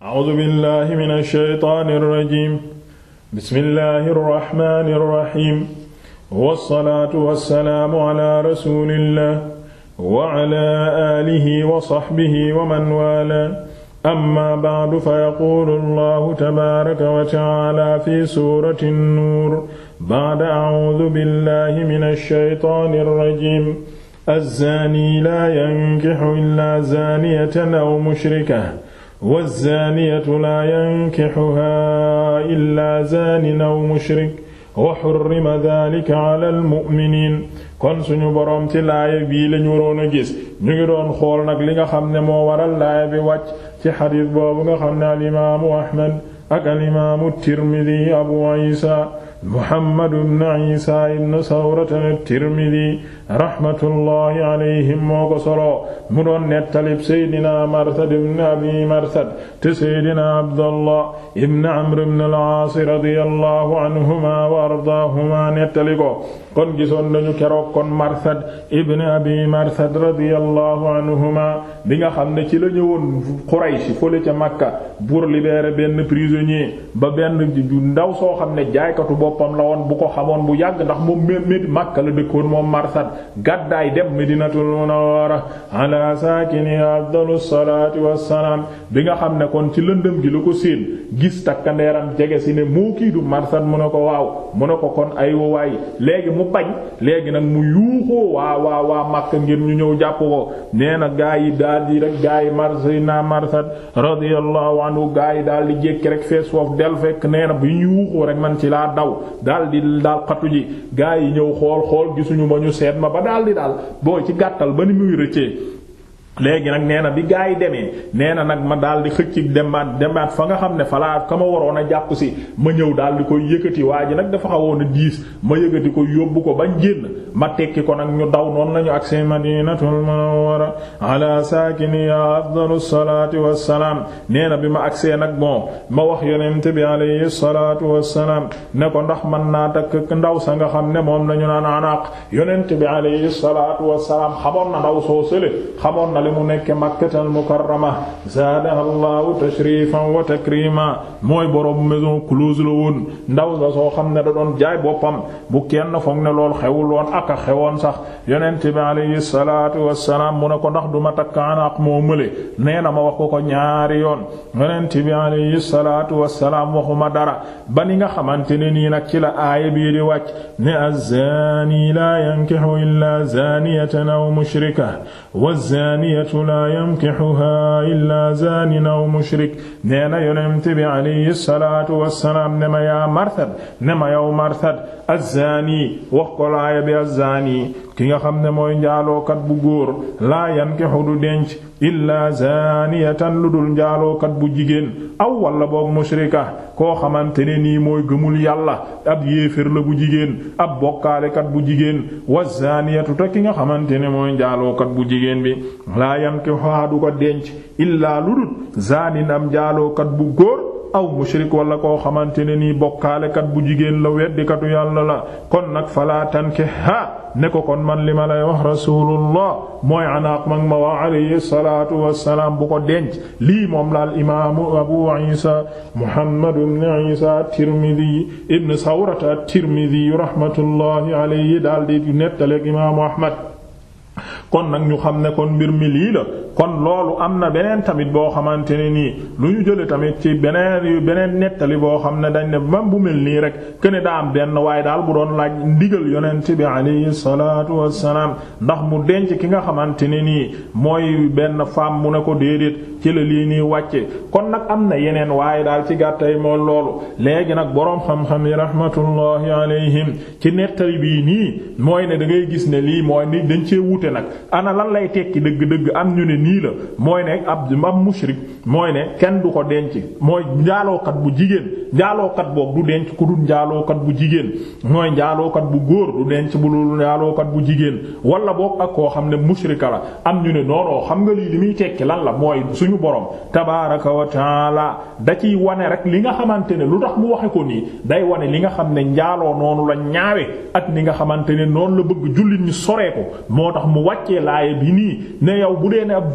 A'uuzu billaahi mina shaytaani rajiim bismillaahi rahmaani rahiim wassalaatu wassalaamu alaa rasuulillaah wa alaa aalihi wa sahbihi wa man waalaa amma ba'du fa yaquulu Allaahu tabaaraka wa ta'aalaa fi suurati nuur ba'da a'uuzu billaahi mina shaytaani rajiim azzaanii laa yankihu illaa zaaniyatan aw mushrikatan wazzaaniyatu laa yankixuhaa illaa zaanin aw mushrik wa xurrima daalika alal mu'miniin kon suñu boroom ci laaya bii lañu waroon a gis ñu ngi doon xool nag li nga xam ne moo waral laaya bi wàcc ci xadiis boobu nga xam ne alimaamu Ahmad ak alimaamu Tirmidi Abu Isa Muhammad ibn Isa ibn Sawrata Tirmidi rahmatullahi alayhim moo ko soloo mu doon nettalib seydina marsad ibn abi marsad te seydina abdallah ibn amr ibn al-aas radiyallahu anhuma wa ardaahuma nettali ko kon gisoon nañu keroog kon marsad ibn abi marsad radiyallahu anhuma bi nga xam ne ci la ñëwoon Quraysh fële ca Makka pour libérer benn prisonnier ba benn ndaw soo xam ne jaaykatu boppam la woon bu ko xamoon bu yàgg ndax moom mé Makka la dëkkoon moom marsad gàddaay dem Madinatul Munawwara ala saakini afdalu salaati wassalaam bi nga xam ne kon ci lëndëm gi la ko séen gis takkandeeram jege si ne moo kii du marsad mu ne ko waaw mu ne ko kon ay waay léegi mu bañ léegi nag mu yuuxoo waa waa waa ngir ñu ñëw jàpp ko nee na gaa yi daal di rek gaa yi marsi na marsad radiyallahu anhu gaa yi daal di jékki rek fees foofu del fekk nee na bi ñu yuuxoo rek man ci laa daw daal di daal ji gaa yi ñëw ba daal di daal booy ci gàttal ba ni muy rëccee léegi nag nee na bi gaa yi demee nee na nag ma daal di xëcc demaat demaat fa nga xam ne falaa ka ma waroon a jàpp si ma ñëw daal di koy yëkkati waa ji nag dafa xawoon a diis ma yëkkati ko yóbbu ko bañ génn ma tekki ko nag ñu daw noonu lañu agsi madinatul a ala saakiniya afdalu salaati wassalaam salaam na bi ma agsee nag bon ma wax yonent bi alayhi salaatu wassalaam ne ko ndax man naa takk ndaw sa nga xam ne moom lañu naan anaq yonent bi alayhi salaatu wassalaam xamoon na ndaw soo sële xamoon li mu nekk makkatal mukarrama zaadaha allahu tashrifan wa takrima mooy borom maison close la woon ndaw nga soo xam ne da doon jaay boppam bu kenn foog ne lool xewul woon ak a xewoon sax yonent bi alayhi salaatu wassalaam mu ne ko ndax du ma takk anaq moo mële nee na ma wax ko ko ñaari yoon yonent bi wa salaatu wassalaam ma dara ba ni nga xamante ne nii nag ci la aaya bii di wàcc ne az-zaani laa yankihu illaa aw mushrika wa zaani alxurriyatu laa yamkixuhaa illaa zaanin aw mushrik nee na yonent bi alayhi salaatu wassalaam ne ma yaa Marthad ne ma yow Marthad azzaani wax ko laaya bi azzaani ki nga xam ne mooy njaalookat bu góor laa yankihu du denc illaa zaaniyatan lu dul njaalookat bu jigéen aw walla boog mushrika koo xamante ne nii mooy gëmul yàlla ab yéefér bu jigéen ab bokkaalekat bu jigéen wa ki nga xamante ne mooy njaalookat bu jigéen bi laa yankihu du ko denc illaa lu dul zaanin am njaalookat bu góor aw mushrik wala koo xamante ne nii bokkaalekat bu jigéen la weddikatu yàlla la kon nag falaa tankiha ne ko kon man li ma lay wax rasulullah mooy anaaq mag ma wa alayhi salaatu wassalaam bu ko denc lii moom laal imaamu abu isa muhammad ibn isa tirmidi ibn sawrata tirmidi rahmatullahi alayhi daal di nettaleeg imaamu ahmad kon nag ñu xam ne kon mbir mi lii la kon loolu am na beneen tamit boo xamante ne nii lu ñu jële tamit ci beneen yu beneen nettali boo xam ne dañ ne même bu nii rek kene daa am benn waaye daal bu doon laaj ndigal yonent bi alayhi salaatu wassalaam ndax mu denc ki nga xamante ne nii mooy benn femme mu ne ko déedéet ci la lii nii kon nag am na yeneen waaye daal ci gàttay moo loolu léegi nag boroom xam-xam yi rahmatullahi alayhim ci nettali bii nii mooy ne da ngay gis ne lii mooy ni dañ cee wute nag ana lan lay tekki dëgg-dëgg am ñu ne nii la mooy ne ab ab mushrik mooy ne kenn du ko denc mooy njaalookat bu jigéen njaalookat boog du denc ku dul njaalookat bu jigéen mooy njaalookat bu góor du denc bu dul njaalookat bu jigéen wala boog ak koo xam ne mushrika la am ñu ne noonoo xam nga lii li muy tekki lan la mooy suñu boroom tabaaraka wa taala da ciy wane rek li nga xamante ne lu tax mu waxe ko nii day wane li nga xam ne njaaloo noonu la ñaawe ak ni nga xamante ne noonu la bëgg jullit ñu soree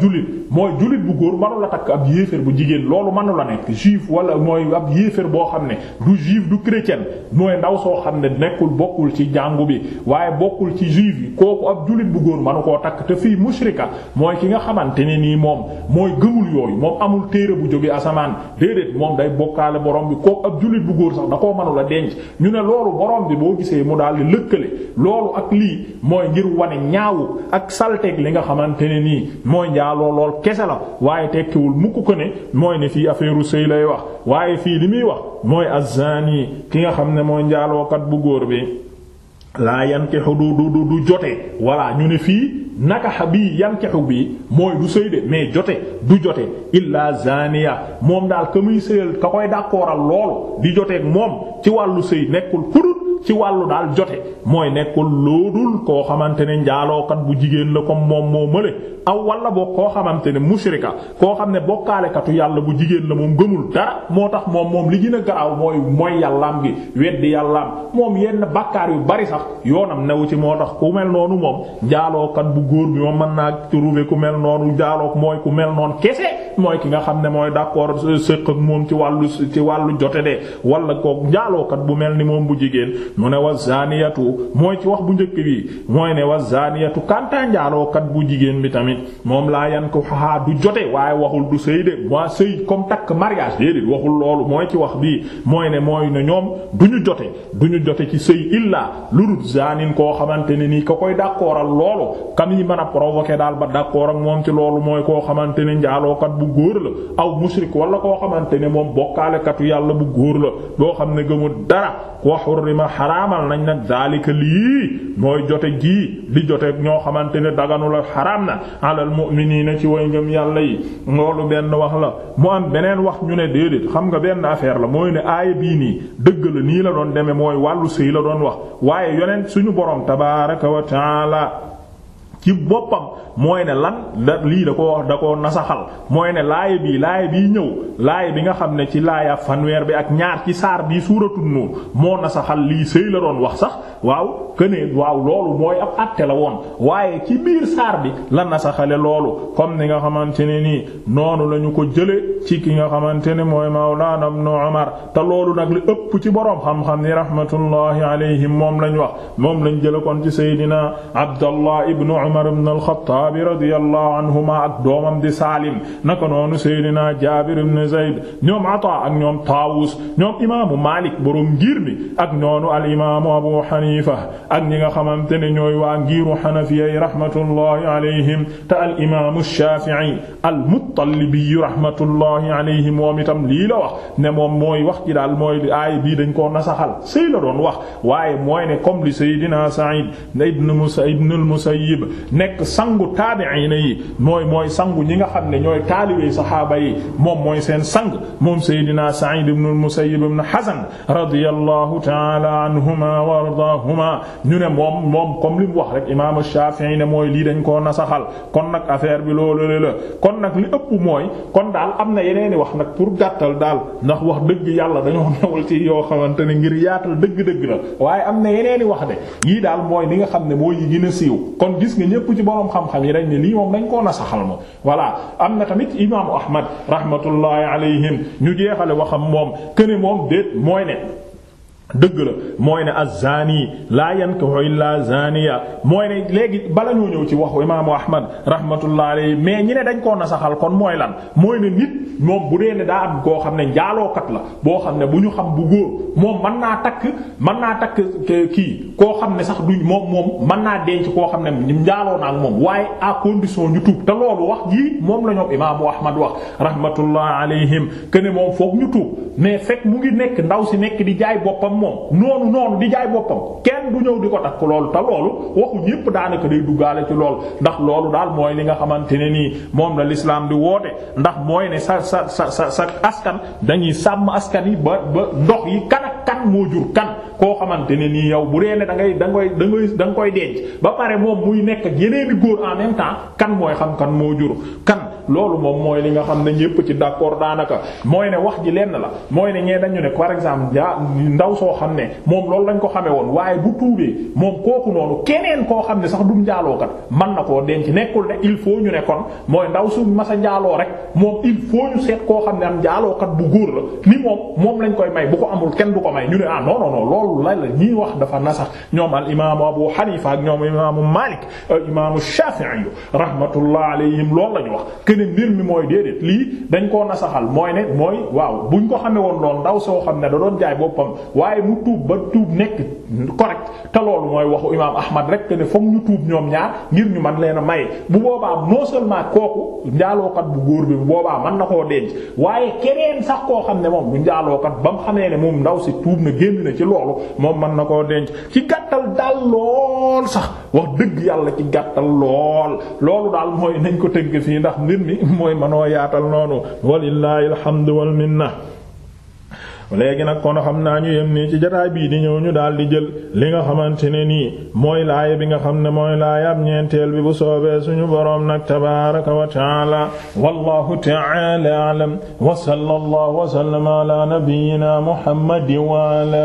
jullit mooy jullit bu góor manu la takk ab yéeféer bu jigéen loolu manu la nekk juif wala mooy ab yéeféer boo xam ne du juif du chrétien mooy ndaw soo xam ne nekkul bokkul ci jàngu bi waaye bokkul ci juif yi kooku ab jullit bu góor manu koo takk te fii mushrika mooy ki nga xamante ne nii moom mooy gëmul yooyu moom amul téere bu jóge asamaan déedéet moom day bokkaale borom bi kooku ab jullit bu góor sax da koo manu la denc ñu ne loolu borom bi boo gisee mu daal di lëkkale njaaloo lool kese la waaye tekkiwul mukk ko ne mooy ne fii affaire u sëy lay wax waaye fii li muy wax mooy a azzani ki nga xam ne mooy njaalookat bu góor bi laa yankihu du du du du jote walla ñu ne fii nakaxa bii yankihu bii mooy du sëy de mais jote du jote illa zaniya moom daal ka muy sëyal ka koy d'accordal loolu di joteek moom ci wàllu sëy nekkul kudut ci wàllu daal jote mooy nekkul loodul koo xamante ne njaalookat bu jigéen la comme moom moo mële aw walla boog koo xamante ne mushrika koo xam ne bokkaalekatu yàlla bu jigéen la moom gëmul dara moo tax moom moom li gën a garaaw mooy mooy yàllaam gi weddi yàllaam moom yenn bàkkaar yu bari sax yoonam newu ci moo tax ku mel noonu moom njaalookat bu góor bi moom mën naa trouver ku mel noonu njaalook mooy ku mel noonu kese mooy ki nga xam ne mooy d'accord sëq ak moom ci wàllu ci wàllu jote de wala kook njaalookat bu mel ni moom bu jigéen mu ne wa zaniyatu mooy ci wax bu njëkk bi mooy ne wa zaniyatu kanta njaalookat bu jigéen bi tamit moom laa yan ko xaxaa du jote waaye waxul du sëy de waa sëy comme takk mariage déedéet waxul loolu mooy ci wax bii mooy ne mooy ne ñoom du ñu jote du ñu jote ci sëy illaa lu dul zanin koo xamante ne nii ko koy d'accordal loolu kan yi mën a provoquer daal ba d'accord ak moom ci loolu mooy koo xamante ne njaalookat bu góor la aw mushrik wala koo xamante ne moom bokkaalekatu yàlla bu góor la boo xam ne gëmul dara xaraamal nañ nag daalika lii mooy jote gii di joteeg ñoo xamante ne daganu la xaraam na alal mu'miniina ci way ngëm yàlla yi loolu benn wax la mu am beneen wax ñu ne déedéet xam nga benn affaire la mooy ne aaya bii nii dëgg la nii la doon demee mooy wàllu sëy la doon wax waaye yonent suñu borom tabaaraka wa taala ci boppam mooy ne lan da lii da ko wax da ko nasaxal mooy ne laaya bii laaya bii ñëw laaya bi nga xam ne ci laaya fanweer bi ak ñaar ci saar bii suuratu nuur moo nasaxal lii sëy la doon wax sax waaw këne waaw loolu mooy ab àtte la woon waaye ci biir saar bi la nasaxale loolu comme ni nga xamante ne nii noonu la ko jële ci ki nga xamante ne mooy mawlaana ibnu Umar te loolu nag li ëpp ci boroom xam-xam yi rahmatullahi alayhim moom lañ wax moom lañ jële kon Umar ibn al-Khattab radiyallahu anhuma ak doomam di Salim naka noonu Seydina Jaabir ibn Zayd ñoom Ataa ak ñoom Taawus ñoom imaamu Maalik borom ngir mi ak noonu al imaamu Abu Hanifa ak ñi nga xamante ne ñooy waa ngiiru Hanafiya yi rahmatullahi alayhim te al imaamu Shaafi'i al-Muttalibi rahmatullahi alayhim moom itam lii la wax ne moom mooy wax ci daal mooy aay bii dañ koo nasaxal sëy la doon wax waaye mooy ne comme li Seydina Sa'id ibn Musayyib nekk sangu taabi'ina yi mooy mooy sangu ñi nga xam ne ñooy taalibe saxaaba yi moom mooy seen sang moom Seydina Sa'id ibn al-Musayyib ibn Hazan radiyallahu ta'ala anhuma wa ardaahuma ñu ne moom moom comme li mu wax rek imaam Shafi'i ne mooy lii dañ koo nasaxal kon nag affaire bi loolu la kon nag li ëpp mooy kon daal am na yeneeni wax nag pour gàttal daal ndax wax dëgg yàlla dañoo newul ci yoo xamante ne ngir yaatal dëgg-dëgg la waaye am na yeneeni wax de yii daal mooy li nga xam ne mooy yi gën a siiw kon gis nga ñépp ci borom xam yi dañ ne lii moom dañ koo nasaxal moom voilà am na tamit imaamu Ahmad rahmatullahi alayhim ñu jeexale waxam moom këne moom déet mooy ne dëgg la mooy ne az yan laa yankihu illaa zaaniya mooy ne léegi bala ñoo ñëw ci waxu imaamu ahmad rahmatullah alayhi mais ñi ne dañ koo nasaxal kon mooy lan mooy ne nit moom bu dee ne daa am koo xam ne njaalookat la boo xam ne bu ñu xam bu góor moom man naa takk man naa takk kii koo xam ne sax duñ moom moom mën naa denc koo xam ne njaaloo na ak moom waaye à condition ñu tuub te loolu wax jii moom la ñoom imaamu ahmad wax rahmatullah alayhim que ne moom foog ñu tuub mais fekk ngi nekk ndaw si nekk di jaay boppam moom noonu noonu di jaay boppam kenn du ñëw di ko takk loolu te loolu waxu ñépp daanaka day duggaale ci lool ndax loolu daal mooy li nga xamante ne nii moom la l'islam di woote ndax mooy ne sa sa sa sa sa askan dañuy sàmm askan yi ba ba ndox yi kan ak kan moo jur kan koo xamante ne nii yow bu dee ne da ngay da ngay da ngay koy denc ba pare moom muy nekk ak góor en même temps kan mooy xam kan moo jur kan. loolu moom mooy li nga xam ne ñépp ci d'accord daanaka mooy ne wax ji lenn la mooy ne ñee dañu ne par exemple ja ndaw soo xam ne moom loolu lañ ko xamee woon waaye bu tuubee moom kooku noonu koo xam ne sax du njaalookat man na koo denc nekkul ne il faut ñu ne mooy ndaw su masa njaaloo rek moom il faut ñu koo xam ne am njaalookat bu góor la ni moom moom lañ koy may bu ko kenn du ko may ñu ne ah la la ñuy wax dafa na sax ñoom al imaamu Abu Hanifa ak ñoom imaamu Malik imaamu Shafi'i rahmatullah alayhim loolu lañu wax ne mbir mi mooy déedéet lii dañ koo nasaxal mooy ne mooy waaw buñ ko xamee woon lool ndaw soo xam ne da doon jaay boppam waaye mu tuub ba tuub nekk correct te loolu mooy waxu imaam Ahmad rek ne foog ñu tuub ñoom ñaar ngir ñu man leen a maye bu boobaa non seulement kooku njaalookat bu góor bi bu boobaa mën na koo denc waaye keneen sax koo xam ne moom bu njaalookat ba mu xamee ne moom ndaw si tuub na génn na ci loolu moom mën na koo denc ci kat gàttal daal lool sax wax dëgg yàlla ci gàttal lool loolu daal mooy nañ ko tënk fii ndax mbir mi mooy manoo yaatal noonu walillahi alhamdu wal minna léegi nag kon xam naa ñu yem nii ci jataay bii di ñëw ñu daal di jël li nga xamante ne nii mooy laaya bi nga xam ne mooy laaya ab ñeenteel bi bu soobee suñu boroom nag tabaaraka wa taala wallahu taala alam wa sallallahu wa sallama ala nabiyyina muhammadin wa ala